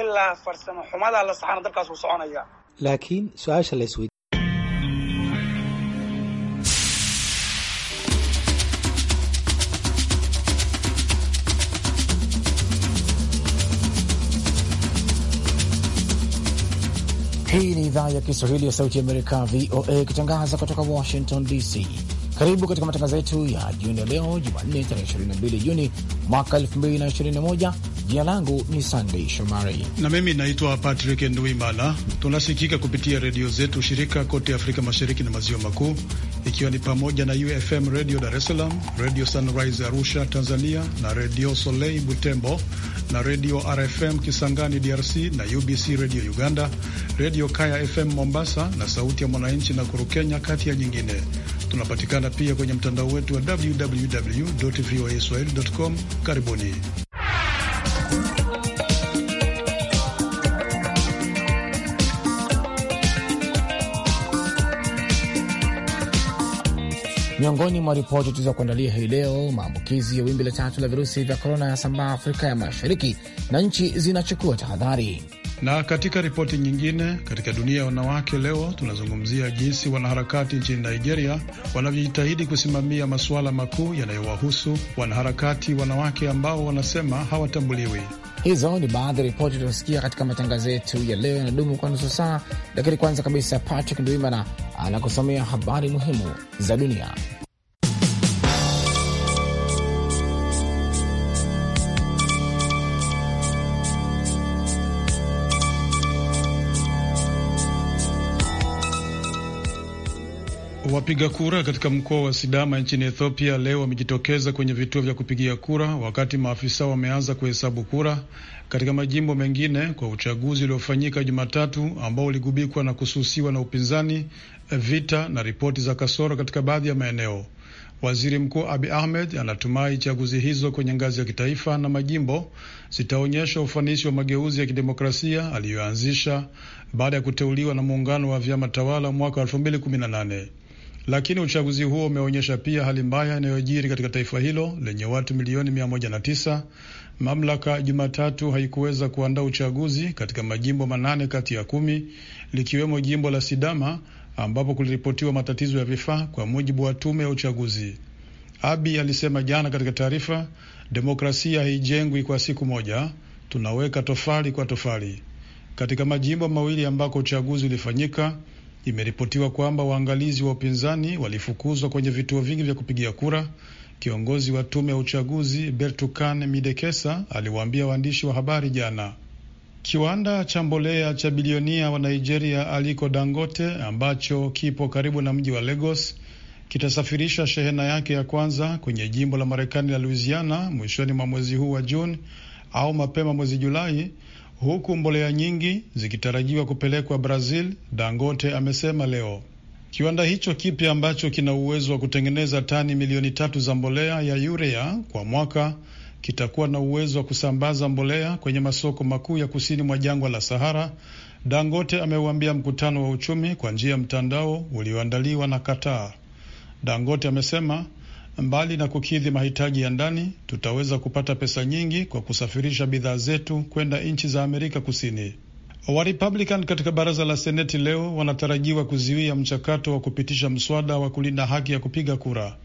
ilaa farsamo xumada la saxana dalkaas wuu soconaya laakiin su-aasha la isweydiin Hii ni idhaa ya Kiswahili ya Sauti ya Amerika, VOA, ikitangaza kutoka Washington DC. Karibu katika matangazo yetu ya jioni ya leo Jumanne, tarehe 22 Juni mwaka 2021. Jina langu ni Sandei Shomari na mimi naitwa Patrick Nduimana. Tunasikika kupitia redio zetu shirika kote Afrika Mashariki na Maziwa Makuu, ikiwa ni pamoja na UFM radio Dar es Salaam, Radio Sunrise Arusha Tanzania, na Redio Soleil Butembo, na Redio RFM Kisangani DRC, na UBC Redio Uganda, Redio Kaya FM Mombasa, na Sauti ya Mwananchi na Kuru Kenya, kati ya nyingine. Tunapatikana pia kwenye mtandao wetu wa www voa swahili com. Karibuni. Miongoni mwa ripoti tulizokuandalia hii leo, maambukizi ya wimbi la tatu la virusi vya korona yasambaa Afrika ya Mashariki na nchi zinachukua tahadhari. Na katika ripoti nyingine, katika dunia ya wanawake leo tunazungumzia jinsi wanaharakati nchini Nigeria wanavyojitahidi kusimamia masuala makuu yanayowahusu wanaharakati wanawake ambao wanasema hawatambuliwi. Hizo ni baadhi ya ripoti tunasikia katika matangazo yetu ya leo yanadumu kwa nusu saa, lakini kwanza kabisa, Patrick Ndwimana anakusomea habari muhimu za dunia. Wapiga kura katika mkoa wa Sidama nchini Ethiopia leo wamejitokeza kwenye vituo vya kupigia kura, wakati maafisa wameanza kuhesabu kura katika majimbo mengine kwa uchaguzi uliofanyika Jumatatu ambao uligubikwa na kususiwa na upinzani, vita na ripoti za kasoro katika baadhi ya maeneo. Waziri Mkuu Abi Ahmed anatumai chaguzi hizo kwenye ngazi ya kitaifa na majimbo zitaonyesha ufanisi wa mageuzi ya kidemokrasia aliyoanzisha baada ya kuteuliwa na muungano wa vyama tawala mwaka lakini uchaguzi huo umeonyesha pia hali mbaya inayojiri katika taifa hilo lenye watu milioni mia tisa. Mamlaka Jumatatu haikuweza kuandaa uchaguzi katika majimbo manane kati ya kumi likiwemo jimbo la Sidama ambapo kuliripotiwa matatizo ya vifaa, kwa mujibu wa tume ya uchaguzi. Abi alisema jana katika taarifa, demokrasia haijengwi kwa siku moja, tunaweka tofali kwa tofali. Katika majimbo mawili ambako uchaguzi ulifanyika Imeripotiwa kwamba waangalizi wa upinzani walifukuzwa kwenye vituo vingi vya kupigia kura. Kiongozi wa tume ya uchaguzi Bertukan Midekesa aliwaambia waandishi wa habari jana. Kiwanda cha mbolea cha bilionia wa Nigeria Aliko Dangote ambacho kipo karibu na mji wa Lagos kitasafirisha shehena yake ya kwanza kwenye jimbo la Marekani la Louisiana mwishoni mwa mwezi huu wa Juni au mapema mwezi Julai huku mbolea nyingi zikitarajiwa kupelekwa Brazil, Dangote amesema leo. Kiwanda hicho kipya ambacho kina uwezo wa kutengeneza tani milioni tatu za mbolea ya urea kwa mwaka kitakuwa na uwezo wa kusambaza mbolea kwenye masoko makuu ya kusini mwa jangwa la Sahara, Dangote ameuambia mkutano wa uchumi kwa njia ya mtandao ulioandaliwa na Qatar. Dangote amesema Mbali na kukidhi mahitaji ya ndani, tutaweza kupata pesa nyingi kwa kusafirisha bidhaa zetu kwenda nchi za Amerika Kusini. warpublican katika baraza la Seneti leo wanatarajiwa kuzuia mchakato wa kupitisha mswada wa kulinda haki ya kupiga kura.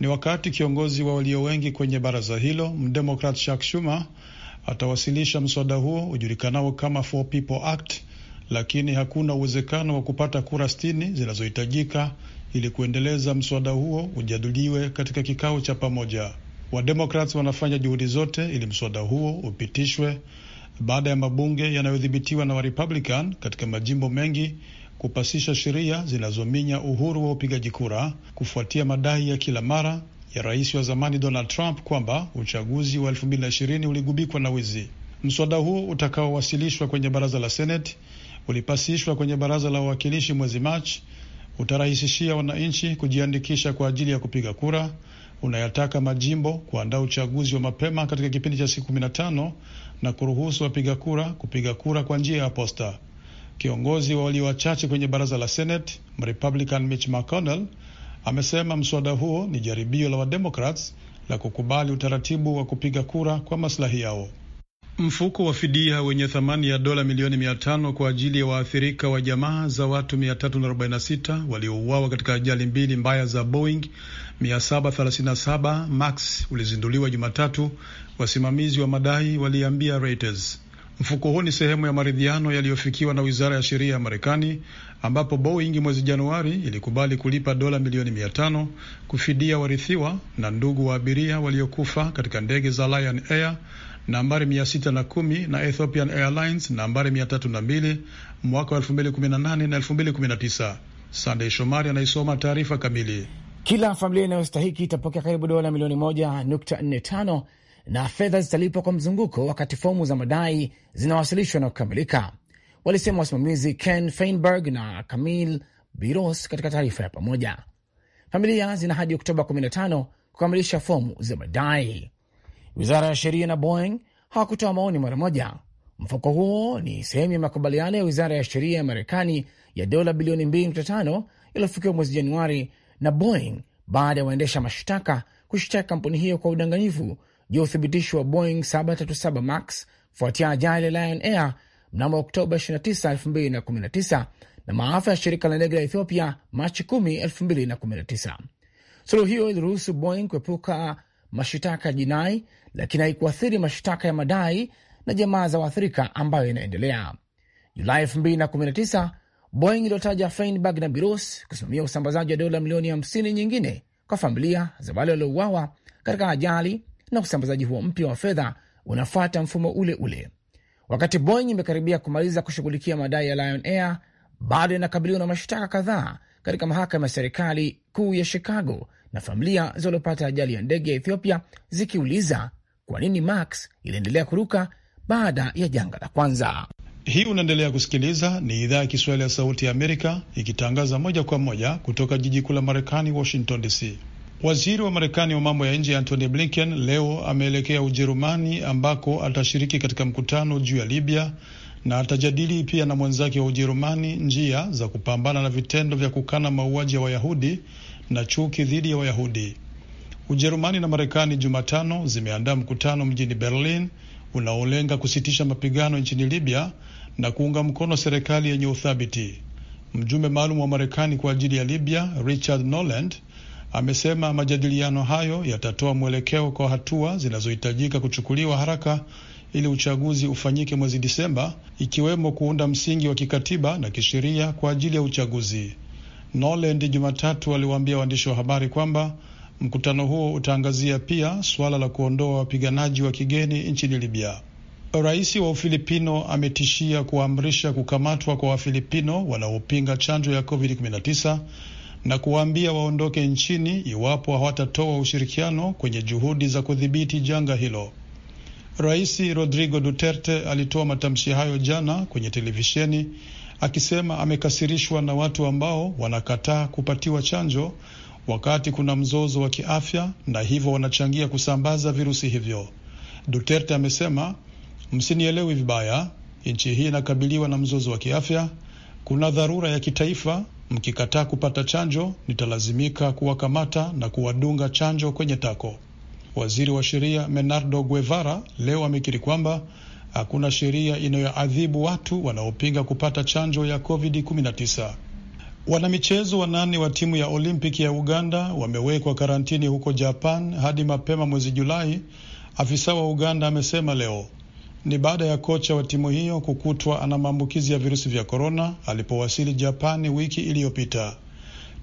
Ni wakati kiongozi wa walio wengi kwenye baraza hilo mdemokrat Chuck Schumer atawasilisha mswada huo ujulikanao kama People Act, lakini hakuna uwezekano wa kupata kura sitini zinazohitajika ili kuendeleza mswada huo ujadiliwe katika kikao cha pamoja. Wademokrats wanafanya juhudi zote ili mswada huo upitishwe baada ya mabunge yanayodhibitiwa na Warepublican katika majimbo mengi kupasisha sheria zinazominya uhuru wa upigaji kura kufuatia madai ya kila mara ya rais wa zamani Donald Trump kwamba uchaguzi wa 2020 uligubikwa na wizi. Mswada huo utakaowasilishwa kwenye baraza la Seneti ulipasishwa kwenye baraza la wawakilishi mwezi Machi utarahisishia wananchi kujiandikisha kwa ajili ya kupiga kura, unayataka majimbo kuandaa uchaguzi wa mapema katika kipindi cha siku 15 na kuruhusu wapiga kura kupiga kura kwa njia ya posta. Kiongozi wa walio wachache kwenye baraza la Senate Mrepublican Mitch McConnell amesema mswada huo ni jaribio la Wademokrats la kukubali utaratibu wa kupiga kura kwa maslahi yao. Mfuko wa fidia wenye thamani ya dola milioni mia tano kwa ajili ya waathirika wa jamaa za watu 346 waliouawa katika ajali mbili mbaya za Boeing 737 Max ulizinduliwa Jumatatu, wasimamizi wa madai waliambia Reuters. Mfuko huu ni sehemu ya maridhiano yaliyofikiwa na wizara ya sheria ya Marekani, ambapo Boeing mwezi Januari ilikubali kulipa dola milioni mia tano kufidia warithiwa na ndugu wa abiria waliokufa katika ndege za Lion Air nambari sita na Ethiopian Airlines nambari mbili mwaka wa kumi na tisa. Sandey Shomari anaisoma taarifa kamili. Kila familia inayostahiki itapokea karibu dola milioni tano na fedha zitalipwa kwa mzunguko wakati fomu za madai zinawasilishwa na kukamilika, walisema wasimamizi Ken Feinberg na Camille Biros katika taarifa ya pamoja. Familia zina hadi Oktoba 15 kukamilisha fomu za madai. Wizara ya sheria na Boeing hawakutoa maoni mara moja. Mfuko huo ni sehemu ya makubaliano ya wizara ya sheria ya Marekani ya dola bilioni 2.5 iliyofikiwa mwezi Januari na Boeing baada ya waendesha mashtaka kushtaka kampuni hiyo kwa udanganyifu juu ya uthibitisho wa Boeing 737 Max kufuatia ajali ya Lion Air mnamo Oktoba 29, 2019 na maafa ya shirika la ndege la Ethiopia Machi 10, 2019. Suluhu hiyo iliruhusu Boeing kuepuka mashitaka jinai lakini haikuathiri mashtaka ya madai na jamaa za waathirika ambayo inaendelea. Julai 2019 Boeing iliotaja Feinberg na Biros kusimamia usambazaji wa dola milioni 50 nyingine kwa familia za wale waliouawa katika ajali, na usambazaji huo mpya wa fedha unafuata mfumo ule ule. Wakati Boeing imekaribia kumaliza kushughulikia madai ya Lion Air, bado inakabiliwa na mashtaka kadhaa katika mahakama ya serikali kuu ya Chicago na familia zilizopata ajali ya ndege ya Ethiopia zikiuliza kwa nini Max iliendelea kuruka baada ya janga la kwanza. Hii unaendelea kusikiliza, ni idhaa ya Kiswahili ya Sauti ya Amerika ikitangaza moja kwa moja kutoka jiji kuu la Marekani, Washington DC. Waziri wa Marekani wa mambo ya nje Antony Blinken leo ameelekea Ujerumani ambako atashiriki katika mkutano juu ya Libya na atajadili pia na mwenzake wa Ujerumani njia za kupambana na vitendo vya kukana mauaji ya Wayahudi na chuki dhidi ya Wayahudi. Ujerumani na Marekani Jumatano zimeandaa mkutano mjini Berlin unaolenga kusitisha mapigano nchini Libya na kuunga mkono serikali yenye uthabiti. Mjumbe maalum wa Marekani kwa ajili ya Libya Richard Noland amesema majadiliano hayo yatatoa mwelekeo kwa hatua zinazohitajika kuchukuliwa haraka ili uchaguzi ufanyike mwezi Disemba, ikiwemo kuunda msingi wa kikatiba na kisheria kwa ajili ya uchaguzi. Noland Jumatatu aliwaambia waandishi wa habari kwamba Mkutano huo utaangazia pia suala la kuondoa wapiganaji wa kigeni nchini Libya. Rais wa Ufilipino ametishia kuamrisha kukamatwa kwa Wafilipino wanaopinga chanjo ya COVID-19 na kuwaambia waondoke nchini iwapo hawatatoa ushirikiano kwenye juhudi za kudhibiti janga hilo. Rais Rodrigo Duterte alitoa matamshi hayo jana kwenye televisheni akisema amekasirishwa na watu ambao wanakataa kupatiwa chanjo wakati kuna mzozo wa kiafya na hivyo wanachangia kusambaza virusi hivyo. Duterte amesema, msinielewi vibaya, nchi hii inakabiliwa na mzozo wa kiafya, kuna dharura ya kitaifa. Mkikataa kupata chanjo, nitalazimika kuwakamata na kuwadunga chanjo kwenye tako. Waziri wa sheria Menardo Guevara leo amekiri kwamba hakuna sheria inayoadhibu watu wanaopinga kupata chanjo ya COVID-19. Wanamichezo wanane wa timu ya Olimpiki ya Uganda wamewekwa karantini huko Japan hadi mapema mwezi Julai, afisa wa Uganda amesema leo. Ni baada ya kocha wa timu hiyo kukutwa ana maambukizi ya virusi vya korona alipowasili Japani wiki iliyopita.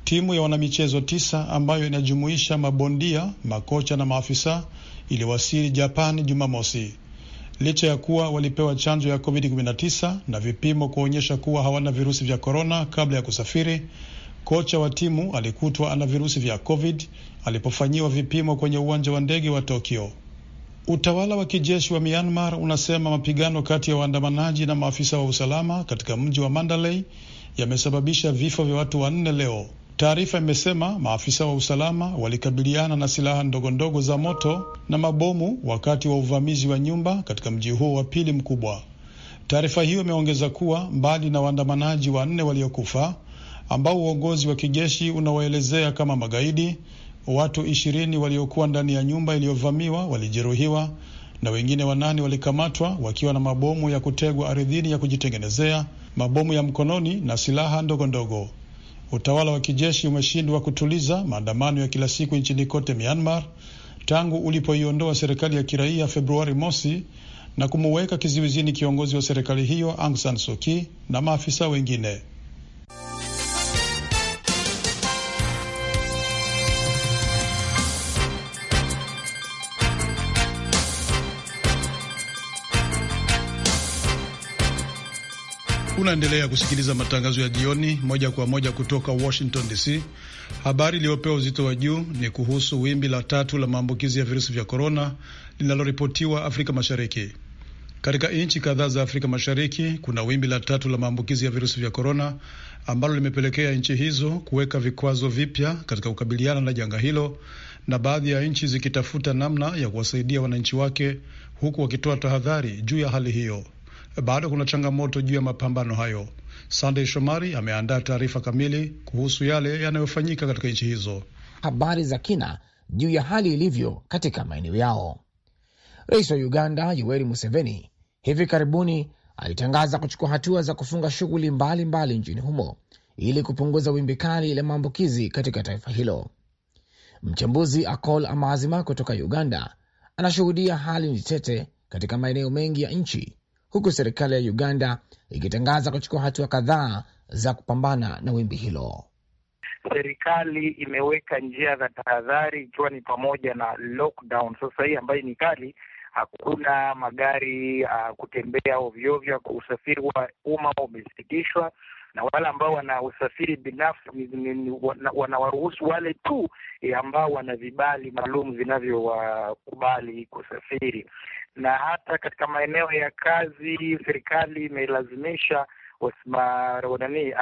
Timu ya wanamichezo tisa ambayo inajumuisha mabondia, makocha na maafisa iliwasili Japani Jumamosi licha ya kuwa walipewa chanjo ya COVID-19 na vipimo kuonyesha kuwa hawana virusi vya korona kabla ya kusafiri. Kocha wa timu alikutwa ana virusi vya COVID alipofanyiwa vipimo kwenye uwanja wa ndege wa Tokyo. Utawala wa kijeshi wa Myanmar unasema mapigano kati ya waandamanaji na maafisa wa usalama katika mji wa Mandalay yamesababisha vifo vya watu wanne leo. Taarifa imesema maafisa wa usalama walikabiliana na silaha ndogondogo za moto na mabomu wakati wa uvamizi wa nyumba katika mji huo wa pili mkubwa. Taarifa hiyo imeongeza kuwa mbali na waandamanaji wanne waliokufa ambao uongozi wa kijeshi unawaelezea kama magaidi, watu ishirini waliokuwa ndani ya nyumba iliyovamiwa walijeruhiwa na wengine wanane walikamatwa wakiwa na mabomu ya kutegwa ardhini ya kujitengenezea, mabomu ya mkononi na silaha ndogondogo. Utawala wa kijeshi umeshindwa kutuliza maandamano ya kila siku nchini kote Myanmar tangu ulipoiondoa serikali ya kiraia Februari mosi na kumuweka kizuizini kiongozi wa serikali hiyo Aung San Suu Kyi na maafisa wengine. Unaendelea kusikiliza matangazo ya jioni moja kwa moja kutoka Washington DC. Habari iliyopewa uzito wa juu ni kuhusu wimbi la tatu la maambukizi ya virusi vya korona linaloripotiwa Afrika Mashariki. Katika nchi kadhaa za Afrika Mashariki kuna wimbi la tatu la maambukizi ya virusi vya korona ambalo limepelekea nchi hizo kuweka vikwazo vipya katika kukabiliana na janga hilo, na baadhi ya nchi zikitafuta namna ya kuwasaidia wananchi wake huku wakitoa tahadhari juu ya hali hiyo bado kuna changamoto juu ya mapambano hayo. Sandey Shomari ameandaa taarifa kamili kuhusu yale yanayofanyika katika nchi hizo. Habari za kina juu ya hali ilivyo katika maeneo yao. Rais wa Uganda Yoweri Museveni hivi karibuni alitangaza kuchukua hatua za kufunga shughuli mbalimbali nchini humo ili kupunguza wimbi kali la maambukizi katika taifa hilo. Mchambuzi Akol Amazima kutoka Uganda anashuhudia hali ni tete katika maeneo mengi ya nchi huku serikali ya Uganda ikitangaza kuchukua hatua kadhaa za kupambana na wimbi hilo. Serikali imeweka njia za tahadhari, ikiwa ni pamoja na lockdown sasa hii ambayo ni kali. Hakuna magari uh, kutembea ovyoovyo. Usafiri wa umma umesitishwa na wale ambao wana usafiri binafsi wanawaruhusu wale tu eh, ambao wana vibali maalum vinavyowakubali kusafiri na hata katika maeneo ya kazi serikali imelazimisha nani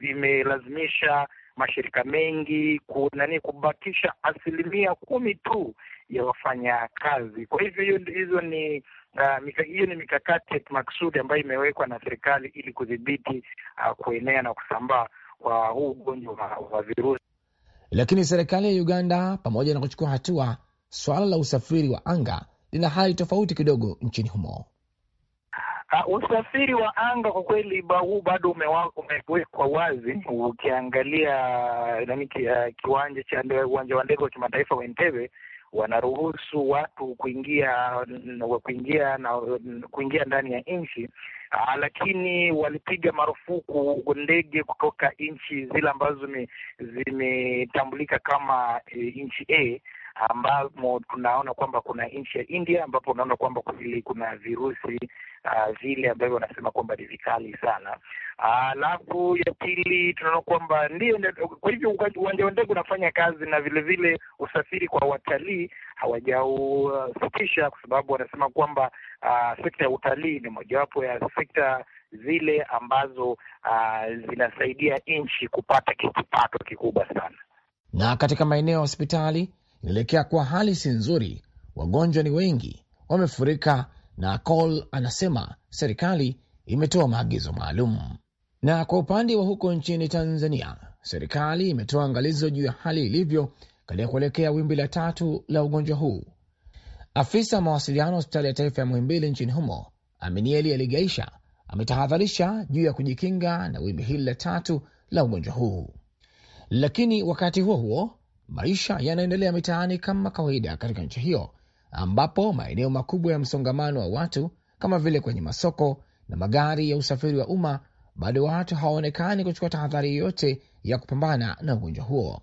imelazimisha mashirika mengi kunani kubakisha asilimia kumi tu ya wafanya kazi. Kwa hivyo hizo ni hiyo uh, ni mikakati ya maksudi ambayo imewekwa na serikali ili kudhibiti uh, kuenea na kusambaa kwa huu ugonjwa wa virusi. Lakini serikali ya Uganda pamoja na kuchukua hatua, swala la usafiri wa anga lina hali tofauti kidogo nchini humo. Uh, usafiri wa anga kwa kweli huu bado umewekwa wazi. Ukiangalia ah, nani, uh, kiwanja cha uwanja wa ndege wa kimataifa wa Entebbe wanaruhusu watu kuingia kuingia na kuingia ndani ya nchi uh, lakini walipiga marufuku ndege kutoka nchi zile ambazo zimetambulika kama uh, nchi A ambamo tunaona kwamba kuna nchi ya India ambapo unaona kwamba kuna virusi uh, vile ambavyo wanasema kwamba ni vikali sana. Ah, alafu uh, ya pili tunaona kwamba ndio, kwa hivyo uwanja wa ndege unafanya kazi na vilevile vile usafiri kwa watalii hawajausitisha, kwa sababu wanasema kwamba uh, sekta ya utalii ni mojawapo ya sekta zile ambazo uh, zinasaidia nchi kupata kipato kikubwa sana. Na katika maeneo ya hospitali inaelekea kuwa hali si nzuri, wagonjwa ni wengi, wamefurika, na Col anasema serikali imetoa maagizo maalum. Na kwa upande wa huko nchini Tanzania, serikali imetoa angalizo juu ya hali ilivyo katika kuelekea wimbi la tatu la ugonjwa huu. Afisa mawasiliano hospitali ya taifa ya Muhimbili nchini humo Aminieli Aligaisha ametahadharisha juu ya kujikinga na wimbi hili la tatu la ugonjwa huu. Lakini wakati huo huo, maisha yanaendelea mitaani kama kawaida katika nchi hiyo, ambapo maeneo makubwa ya msongamano wa watu kama vile kwenye masoko na magari ya usafiri wa umma bado watu hawaonekani kuchukua tahadhari yoyote ya kupambana na ugonjwa huo.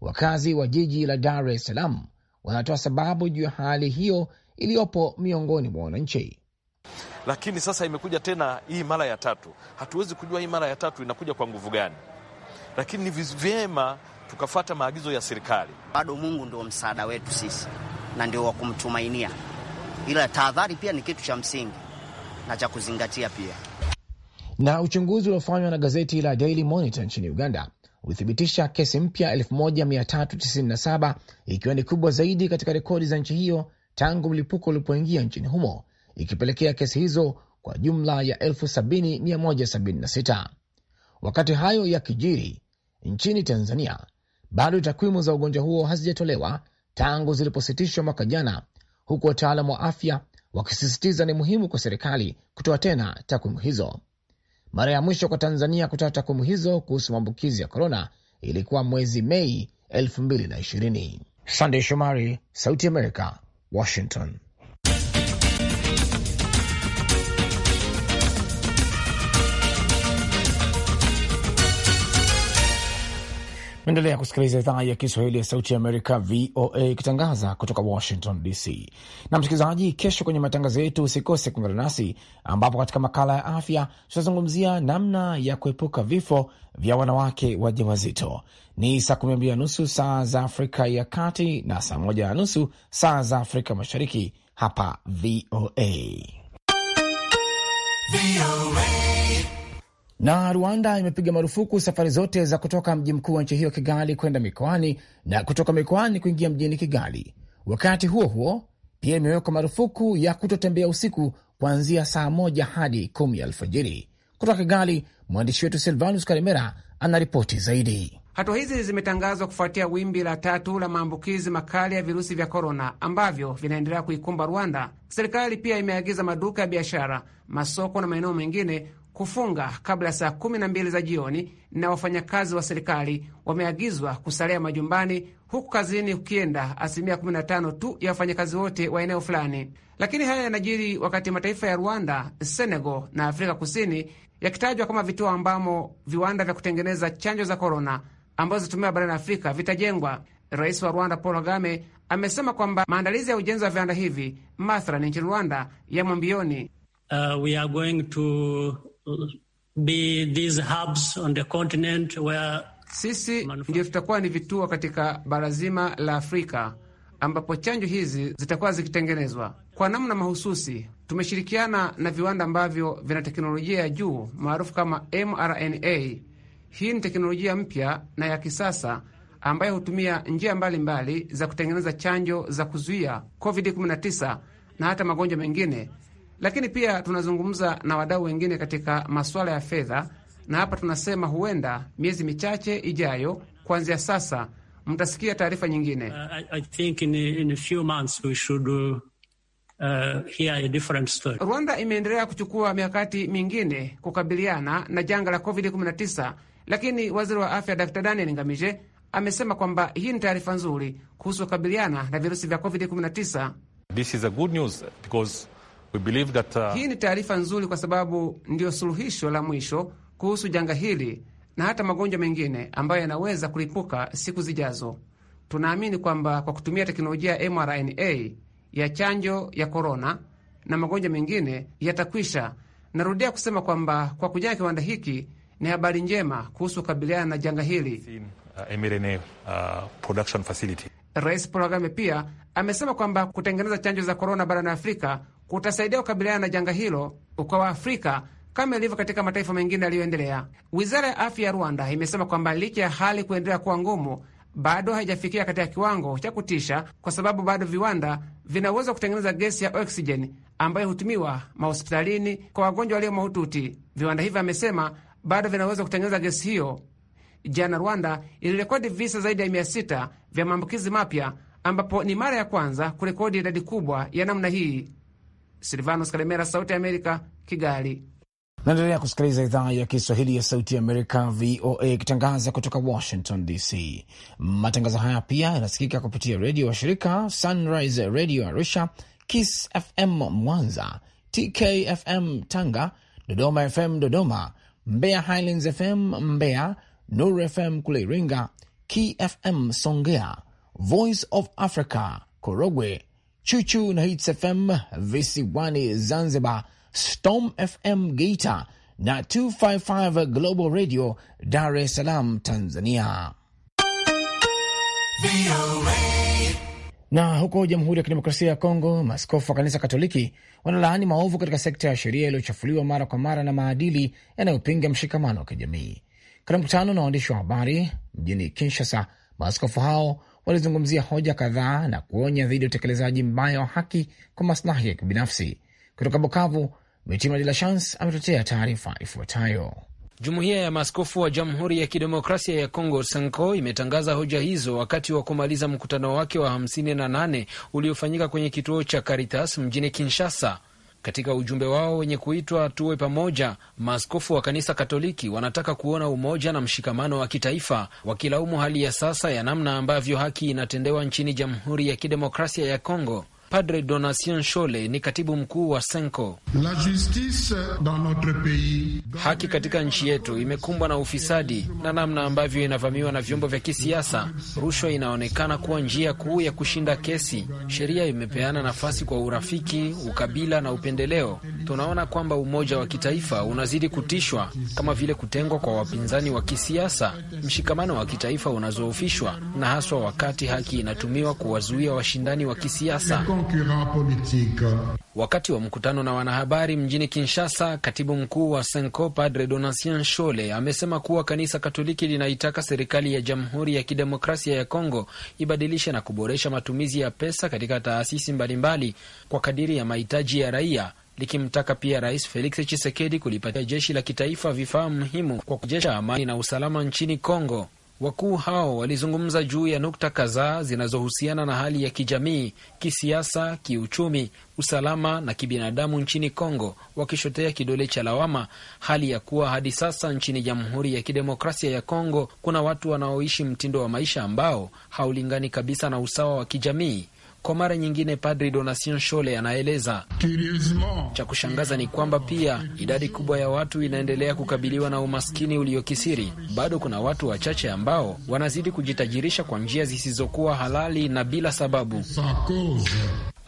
Wakazi wa jiji la Dar es Salaam wanatoa sababu juu ya hali hiyo iliyopo miongoni mwa wananchi. Lakini sasa imekuja tena hii mara ya tatu, hatuwezi kujua hii mara ya tatu inakuja kwa nguvu gani, lakini ni vyema tukafata maagizo ya serikali. Bado Mungu ndio msaada wetu sisi na ndio wa kumtumainia, ila tahadhari pia ni kitu cha msingi na cha kuzingatia pia. Na uchunguzi uliofanywa na gazeti la Daily Monitor nchini Uganda ulithibitisha kesi mpya 1397 ikiwa ni kubwa zaidi katika rekodi za nchi hiyo tangu mlipuko ulipoingia nchini humo, ikipelekea kesi hizo kwa jumla ya 70176. Wakati hayo ya kijiri, nchini Tanzania bado takwimu za ugonjwa huo hazijatolewa tangu zilipositishwa mwaka jana, huku wataalam wa afya wakisisitiza ni muhimu kwa serikali kutoa tena takwimu hizo. Mara ya mwisho kwa Tanzania kutoa takwimu hizo kuhusu maambukizi ya korona ilikuwa mwezi Mei 2020. Sandey Shomari, Sauti ya Washington. Naendelea kusikiliza idhaa ya Kiswahili ya Sauti ya Amerika, VOA, ikitangaza kutoka Washington DC. Na msikilizaji, kesho kwenye matangazo yetu usikose kuungana nasi, ambapo katika makala ya afya tutazungumzia namna ya kuepuka vifo vya wanawake wajawazito. Ni saa kumi na mbili na nusu saa za Afrika ya Kati na saa moja na nusu saa za Afrika Mashariki, hapa VOA. VOA. Na Rwanda imepiga marufuku safari zote za kutoka mji mkuu wa nchi hiyo Kigali kwenda mikoani na kutoka mikoani kuingia mjini Kigali. Wakati huo huo, pia imewekwa marufuku ya kutotembea usiku kuanzia saa moja hadi kumi ya alfajiri. Kutoka Kigali, mwandishi wetu Silvanus Karimera anaripoti zaidi. Hatua hizi zimetangazwa kufuatia wimbi la tatu la maambukizi makali ya virusi vya korona ambavyo vinaendelea kuikumba Rwanda. Serikali pia imeagiza maduka ya biashara, masoko na maeneo mengine kufunga kabla ya saa kumi na mbili za jioni, na wafanyakazi wa serikali wameagizwa kusalia majumbani, huku kazini kukienda asilimia 15 tu ya wafanyakazi wote wa eneo fulani. Lakini haya yanajiri wakati mataifa ya Rwanda, Senegal na Afrika Kusini yakitajwa kama vituo ambamo viwanda vya kutengeneza chanjo za korona ambazo zitumiwa barani Afrika vitajengwa. Rais wa Rwanda Paul Kagame amesema kwamba maandalizi ya ujenzi wa viwanda hivi mathalani nchini Rwanda yamo mbioni. Uh, we are going to be these hubs on the continent where sisi ndio tutakuwa ni vituo katika bara zima la Afrika ambapo chanjo hizi zitakuwa zikitengenezwa kwa namna mahususi. Tumeshirikiana na viwanda ambavyo vina teknolojia ya juu maarufu kama mRNA. Hii ni teknolojia mpya na ya kisasa ambayo hutumia njia mbalimbali mbali za kutengeneza chanjo za kuzuia COVID-19 na hata magonjwa mengine lakini pia tunazungumza na wadau wengine katika masuala ya fedha, na hapa tunasema huenda miezi michache ijayo kuanzia sasa mtasikia taarifa nyingine. Uh, uh, Rwanda imeendelea kuchukua mikakati mingine kukabiliana na janga la COVID-19, lakini waziri wa afya Dr. Daniel Ngamije amesema kwamba hii ni taarifa nzuri kuhusu kukabiliana na virusi vya COVID-19. This is a good news because that, uh... hii ni taarifa nzuri kwa sababu ndiyo suluhisho la mwisho kuhusu janga hili na hata magonjwa mengine ambayo yanaweza kulipuka siku zijazo. Tunaamini kwamba kwa kutumia teknolojia ya mRNA ya chanjo ya korona na magonjwa mengine yatakwisha. Narudia kusema kwamba kwa kujenga kiwanda hiki ni habari njema kuhusu kukabiliana na janga hili. Uh, uh, Rais Paul Kagame pia amesema kwamba kutengeneza chanjo za korona barani Afrika kutasaidia kukabiliana na janga hilo kwa Waafrika kama ilivyo katika mataifa mengine yaliyoendelea. Wizara ya afya ya Rwanda imesema kwamba licha ya hali kuendelea kuwa ngumu, bado haijafikia katika kiwango cha kutisha, kwa sababu bado viwanda vinaweza kutengeneza gesi ya oksijeni ambayo hutumiwa mahospitalini kwa wagonjwa walio mahututi. Viwanda hivyo, amesema, bado vinaweza kutengeneza gesi hiyo. Jana Rwanda ilirekodi visa zaidi ya mia sita vya maambukizi mapya, ambapo ni mara ya kwanza kurekodi idadi kubwa ya namna hii. Silvanos Kalemera, Sauti Amerika, Kigali. Naendelea kusikiliza idhaa ya Kiswahili ya Sauti ya Amerika, VOA, ikitangaza kutoka Washington DC. Matangazo haya pia yanasikika kupitia redio wa shirika Sunrise Radio Arusha, Kiss FM Mwanza, TKFM Tanga, Dodoma FM Dodoma, Mbeya Highlands FM Mbeya, Nuru FM kule Iringa, KFM Songea, Voice of Africa Korogwe Chuchu na Hits FM visiwani Zanzibar, Storm FM Geita na 255 Global Radio Dar es Salaam, Tanzania. Na huko Jamhuri ya Kidemokrasia ya Kongo, maaskofu wa kanisa Katoliki wanalaani maovu katika sekta ya sheria iliyochafuliwa mara kwa mara na maadili yanayopinga mshikamano wa kijamii. Katika mkutano na waandishi wa habari mjini Kinshasa, maaskofu hao Walizungumzia hoja kadhaa na kuonya dhidi ya utekelezaji mbaya wa haki kwa maslahi ya kibinafsi. Kutoka Bukavu, Mitima De La Chance ametotea taarifa ifuatayo. Jumuiya ya maaskofu wa Jamhuri ya Kidemokrasia ya Kongo SENKO imetangaza hoja hizo wakati wa kumaliza mkutano wake wa 58 uliofanyika kwenye kituo cha Caritas mjini Kinshasa. Katika ujumbe wao wenye kuitwa tuwe pamoja, maaskofu wa kanisa Katoliki wanataka kuona umoja na mshikamano wa kitaifa, wakilaumu hali ya sasa ya namna ambavyo haki inatendewa nchini Jamhuri ya Kidemokrasia ya Kongo. Padre Donatien Shole ni katibu mkuu wa Senko. La justice dans notre pays, haki katika nchi yetu imekumbwa na ufisadi na namna ambavyo inavamiwa na vyombo vya kisiasa. Rushwa inaonekana kuwa njia kuu ya kushinda kesi. Sheria imepeana nafasi kwa urafiki, ukabila na upendeleo. Tunaona kwamba umoja wa kitaifa unazidi kutishwa, kama vile kutengwa kwa wapinzani wa kisiasa. Mshikamano wa kitaifa unazoofishwa, na haswa wakati haki inatumiwa kuwazuia washindani wa kisiasa. Wakati wa mkutano na wanahabari mjini Kinshasa, katibu mkuu wa Senco Padre Donatien Shole amesema kuwa kanisa Katoliki linaitaka serikali ya Jamhuri ya Kidemokrasia ya Kongo ibadilishe na kuboresha matumizi ya pesa katika taasisi mbalimbali kwa kadiri ya mahitaji ya raia likimtaka pia Rais Felix Tshisekedi kulipatia jeshi la kitaifa vifaa muhimu kwa kujesha amani na usalama nchini Kongo. Wakuu hao walizungumza juu ya nukta kadhaa zinazohusiana na hali ya kijamii, kisiasa, kiuchumi, usalama na kibinadamu nchini Kongo, wakishotea kidole cha lawama hali ya kuwa hadi sasa nchini Jamhuri ya Kidemokrasia ya Kongo kuna watu wanaoishi mtindo wa maisha ambao haulingani kabisa na usawa wa kijamii. Kwa mara nyingine, Padri Donatien Shole anaeleza cha kushangaza ni kwamba pia idadi kubwa ya watu inaendelea kukabiliwa na umaskini uliokisiri. Bado kuna watu wachache ambao wanazidi kujitajirisha kwa njia zisizokuwa halali na bila sababu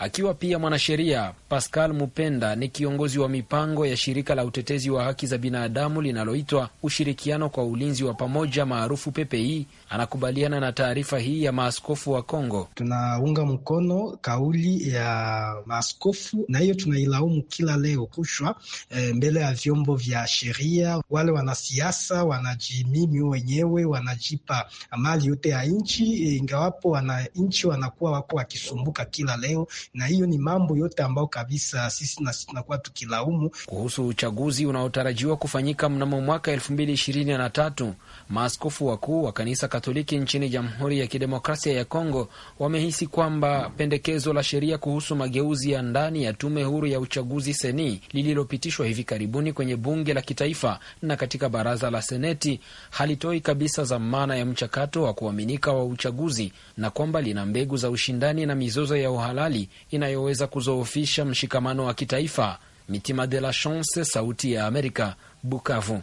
akiwa pia mwanasheria. Pascal Mupenda ni kiongozi wa mipango ya shirika la utetezi wa haki za binadamu linaloitwa Ushirikiano kwa Ulinzi wa Pamoja maarufu PPI. E. Anakubaliana na taarifa hii ya maaskofu wa Kongo. Tunaunga mkono kauli ya maaskofu, na hiyo tunailaumu kila leo kushwa e, mbele ya vyombo vya sheria. Wale wanasiasa wanajimimi wenyewe, wanajipa mali yote ya nchi, ingawapo wananchi wanakuwa wako wakisumbuka kila leo na hiyo ni mambo yote ambayo kabisa sisi tunakuwa tukilaumu. Kuhusu uchaguzi unaotarajiwa kufanyika mnamo mwaka elfu mbili ishirini na tatu, maaskofu wakuu wa kanisa Katoliki nchini Jamhuri ya Kidemokrasia ya Kongo wamehisi kwamba pendekezo la sheria kuhusu mageuzi ya ndani ya tume huru ya uchaguzi seni lililopitishwa hivi karibuni kwenye bunge la kitaifa na katika baraza la seneti halitoi kabisa dhamana ya mchakato wa kuaminika wa uchaguzi na kwamba lina mbegu za ushindani na mizozo ya uhalali inayoweza kuzoofisha mshikamano wa kitaifa. Mitima de la Chance, Sauti ya Amerika, Bukavu.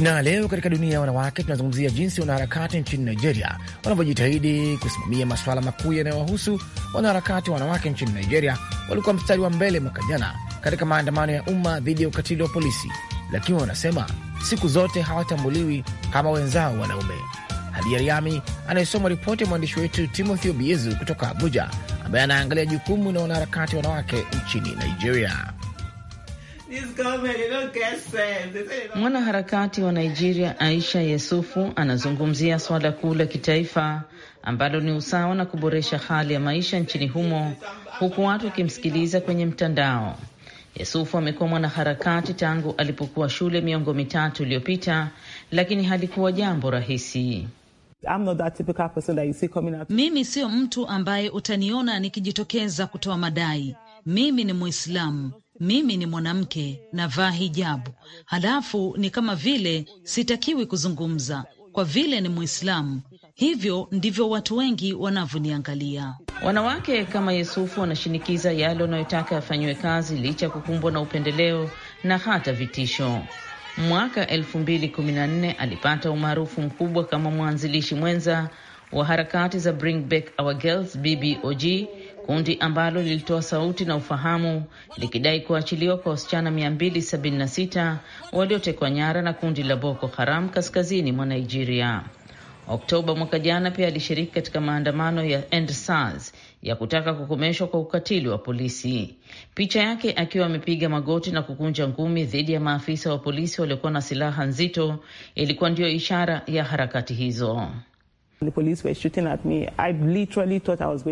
Na leo katika dunia ya wanawake tunazungumzia jinsi wanaharakati nchini Nigeria wanavyojitahidi kusimamia masuala makuu yanayowahusu wanaharakati. wa Wanawake nchini Nigeria walikuwa mstari wa mbele mwaka jana katika maandamano ya umma dhidi ya ukatili wa polisi, lakini wanasema siku zote hawatambuliwi kama wenzao wanaume. Hadi Ariami anayesoma ripoti ya mwandishi wetu Timothy Obiezu kutoka Abuja, ambaye anaangalia jukumu na wanaharakati wanawake nchini Nigeria. Mwanaharakati wa Nigeria Aisha Yesufu anazungumzia swala kuu la kitaifa ambalo ni usawa na kuboresha hali ya maisha nchini humo, huku watu wakimsikiliza kwenye mtandao. Yusufu amekuwa mwanaharakati tangu alipokuwa shule miongo mitatu iliyopita, lakini halikuwa jambo rahisi. Mimi siyo mtu ambaye utaniona nikijitokeza kutoa madai. Mimi ni Mwislamu, mimi ni mwanamke, navaa hijabu, halafu ni kama vile sitakiwi kuzungumza kwa vile ni Mwislamu. Hivyo ndivyo watu wengi wanavyoniangalia. Wanawake kama Yusufu wanashinikiza yale wanayotaka yafanyiwe kazi licha ya kukumbwa na upendeleo na hata vitisho. Mwaka 2014 alipata umaarufu mkubwa kama mwanzilishi mwenza wa harakati za Bring Back Our Girls BBOG kundi ambalo lilitoa sauti na ufahamu likidai kuachiliwa kwa wasichana 276 waliotekwa nyara na kundi la Boko Haram kaskazini mwa Nigeria. Oktoba mwaka jana pia alishiriki katika maandamano ya End SARS ya kutaka kukomeshwa kwa ukatili wa polisi. Picha yake akiwa amepiga magoti na kukunja ngumi dhidi ya maafisa wa polisi waliokuwa na silaha nzito ilikuwa ndiyo ishara ya harakati hizo.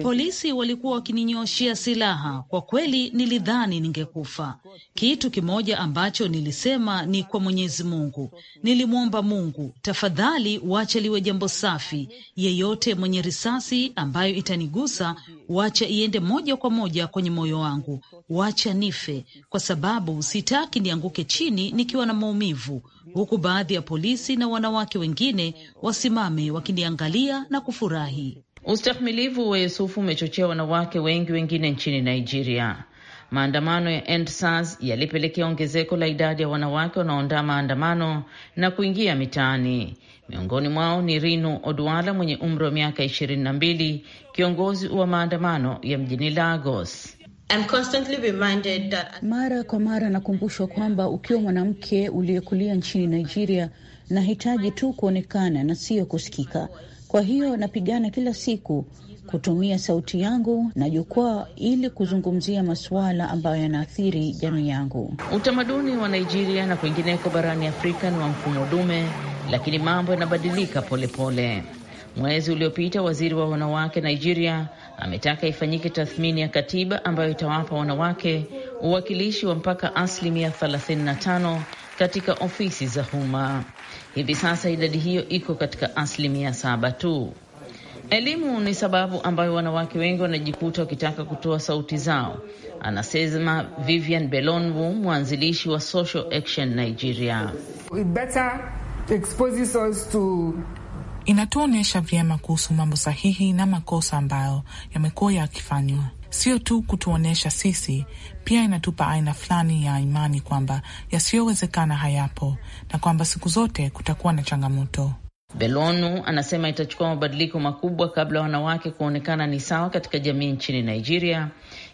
Polisi walikuwa wakininyooshea silaha, kwa kweli nilidhani ningekufa. Kitu kimoja ambacho nilisema ni kwa Mwenyezi Mungu, nilimwomba Mungu, tafadhali wacha liwe jambo safi. Yeyote mwenye risasi ambayo itanigusa, wacha iende moja kwa moja kwenye moyo wangu, wacha nife, kwa sababu sitaki nianguke chini nikiwa na maumivu huku baadhi ya polisi na wanawake wengine wasimame wakiniangalia na kufurahi. Ustahimilivu wa Yusufu umechochea wanawake wengi wengine nchini Nigeria. Maandamano ya EndSARS yalipelekea ongezeko la idadi ya wanawake wanaoandaa maandamano na kuingia mitaani. Miongoni mwao ni Rinu Odwala mwenye umri wa miaka ishirini na mbili, kiongozi wa maandamano ya mjini Lagos. I'm constantly reminded that... mara kwa mara nakumbushwa kwamba ukiwa mwanamke uliyekulia nchini Nigeria, nahitaji tu kuonekana na siyo kusikika. Kwa hiyo napigana kila siku kutumia sauti yangu na jukwaa ili kuzungumzia masuala ambayo yanaathiri jamii yangu. Utamaduni wa Nigeria na kwingineko barani Afrika ni wa mfumo dume, lakini mambo yanabadilika polepole. Mwezi uliopita waziri wa wanawake Nigeria ametaka ifanyike tathmini ya katiba ambayo itawapa wanawake uwakilishi wa mpaka asilimia 35 katika ofisi za umma. Hivi sasa idadi hiyo iko katika asilimia saba tu. Elimu ni sababu ambayo wanawake wengi wanajikuta wakitaka kutoa sauti zao, anasema Vivian Belonwu, mwanzilishi wa Social Action Nigeria. It better exposes us to inatuonyesha vyema kuhusu mambo sahihi na makosa ambayo yamekuwa yakifanywa. Sio tu kutuonyesha sisi, pia inatupa aina fulani ya imani kwamba yasiyowezekana hayapo na kwamba siku zote kutakuwa na changamoto. Belonu anasema itachukua mabadiliko makubwa kabla wanawake kuonekana ni sawa katika jamii nchini Nigeria,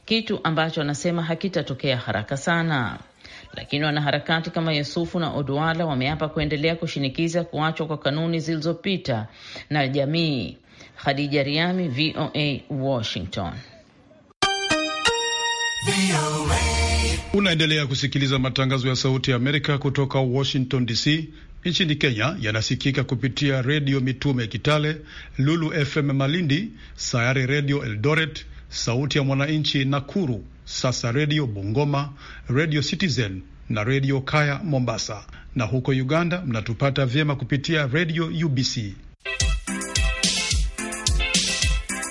kitu ambacho anasema hakitatokea haraka sana lakini wanaharakati kama Yusufu na Odwala wameapa kuendelea kushinikiza kuachwa kwa kanuni zilizopita na jamii. Khadija Riami, VOA, Washington. Unaendelea kusikiliza matangazo ya Sauti ya Amerika kutoka Washington DC. Nchini Kenya yanasikika kupitia Redio Mitume Kitale, Lulu FM Malindi, Sayari Redio Eldoret, Sauti ya Mwananchi Nakuru, sasa Redio Bungoma, Redio Citizen na Redio Kaya Mombasa, na huko Uganda mnatupata vyema kupitia Redio UBC.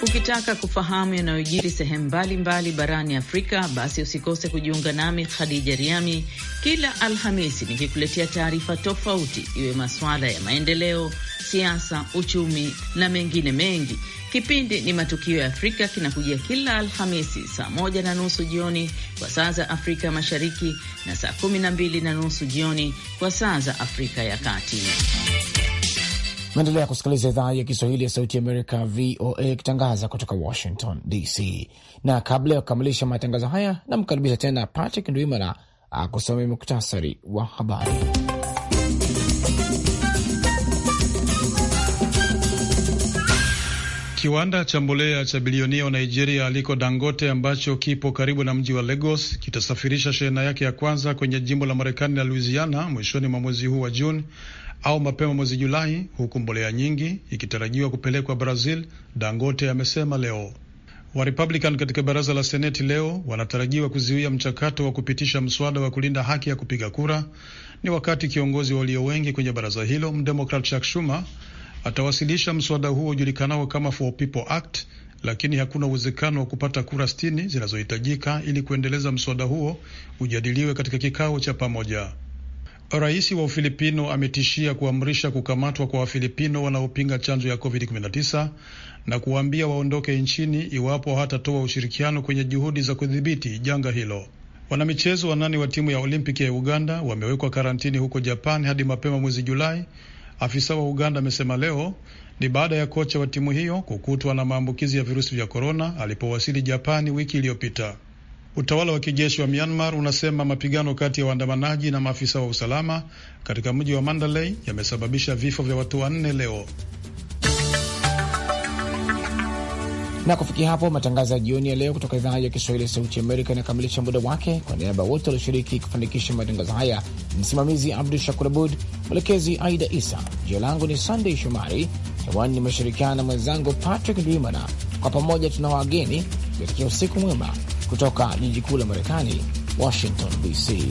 Ukitaka kufahamu yanayojiri sehemu mbalimbali barani Afrika, basi usikose kujiunga nami Khadija Riami kila Alhamisi nikikuletea taarifa tofauti, iwe masuala ya maendeleo, siasa, uchumi na mengine mengi. Kipindi ni Matukio ya Afrika kinakujia kila Alhamisi saa moja na nusu jioni kwa saa za Afrika Mashariki na saa kumi na mbili na nusu jioni kwa saa za Afrika ya Kati. Naendelea kusikiliza idhaa ya Kiswahili ya Sauti Amerika, VOA, ikitangaza kutoka Washington DC. Na kabla ya kukamilisha matangazo haya, namkaribisha tena Patrick Ndwimana akusomea muktasari wa habari. Kiwanda cha mbolea cha bilionia wa Nigeria Aliko Dangote ambacho kipo karibu na mji wa Lagos kitasafirisha shehena yake ya kwanza kwenye jimbo la Marekani la Louisiana mwishoni mwa mwezi huu wa Juni au mapema mwezi Julai, huku mbolea nyingi ikitarajiwa kupelekwa Brazil, Dangote amesema leo. Warepublican katika baraza la Seneti leo wanatarajiwa kuzuia mchakato wa kupitisha mswada wa kulinda haki ya kupiga kura. Ni wakati kiongozi walio wengi kwenye baraza hilo mdemokrat Chuck Schumer atawasilisha mswada huo ujulikanao kama For People Act, lakini hakuna uwezekano wa kupata kura sitini zinazohitajika ili kuendeleza mswada huo ujadiliwe katika kikao cha pamoja. Rais wa Ufilipino ametishia kuamrisha kukamatwa kwa Wafilipino wanaopinga chanjo ya COVID-19 na kuwaambia waondoke nchini iwapo hatatoa ushirikiano kwenye juhudi za kudhibiti janga hilo. Wanamichezo wanane wa timu ya Olimpiki ya Uganda wamewekwa karantini huko Japan hadi mapema mwezi Julai, afisa wa Uganda amesema leo. Ni baada ya kocha wa timu hiyo kukutwa na maambukizi ya virusi vya korona alipowasili Japani wiki iliyopita. Utawala wa kijeshi wa Myanmar unasema mapigano kati ya waandamanaji na maafisa wa usalama katika mji wa Mandalay yamesababisha vifo vya watu wanne leo. Na kufikia hapo matangazo ya jioni ya leo kutoka idhaa ya Kiswahili ya Sauti Amerika inakamilisha muda wake. Kwa niaba ya wote walioshiriki kufanikisha matangazo haya, msimamizi Abdu Shakur Abud, mwelekezi Aida Isa, jina langu ni Sandey Shomari, hewani nimeshirikiana na mwenzangu Patrick Dwimana. Kwa pamoja tuna wageni, tukiwatakia usiku mwema kutoka jiji kuu la Marekani, Washington DC.